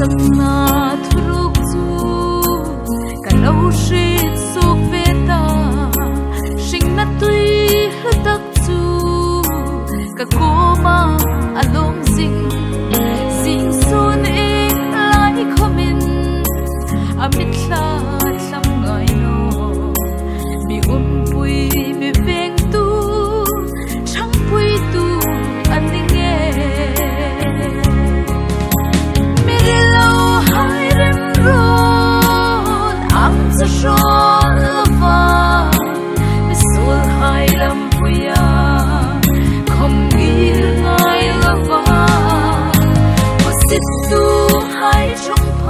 С окна трубцу колёшится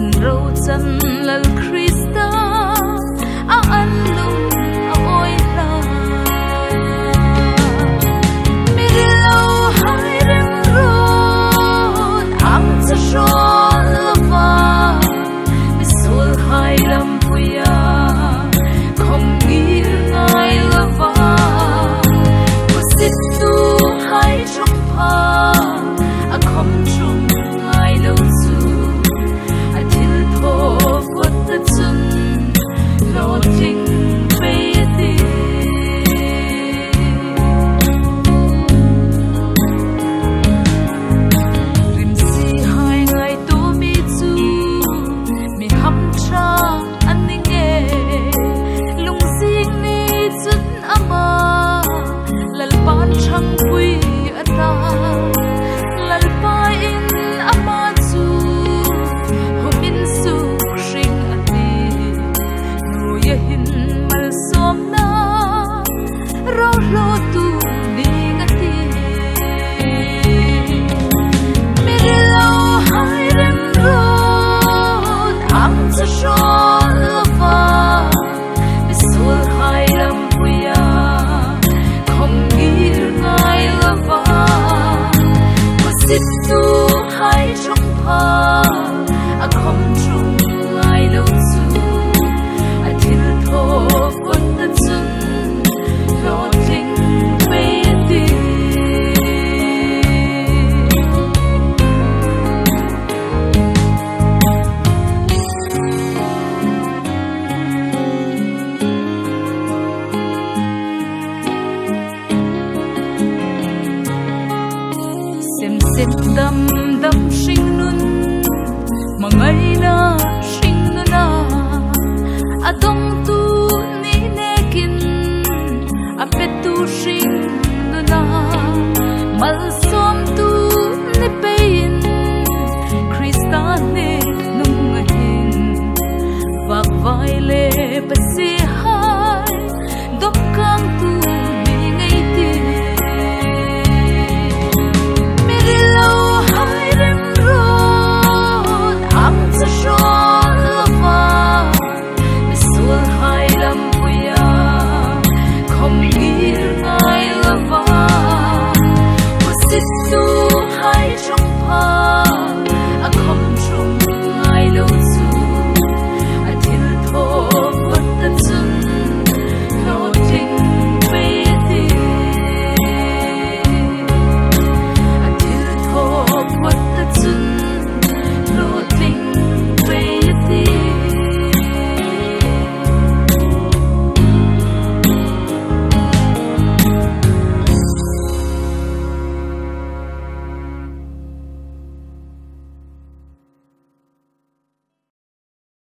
and wrote some little Oh chết tâm tâm sinh luôn mà ngay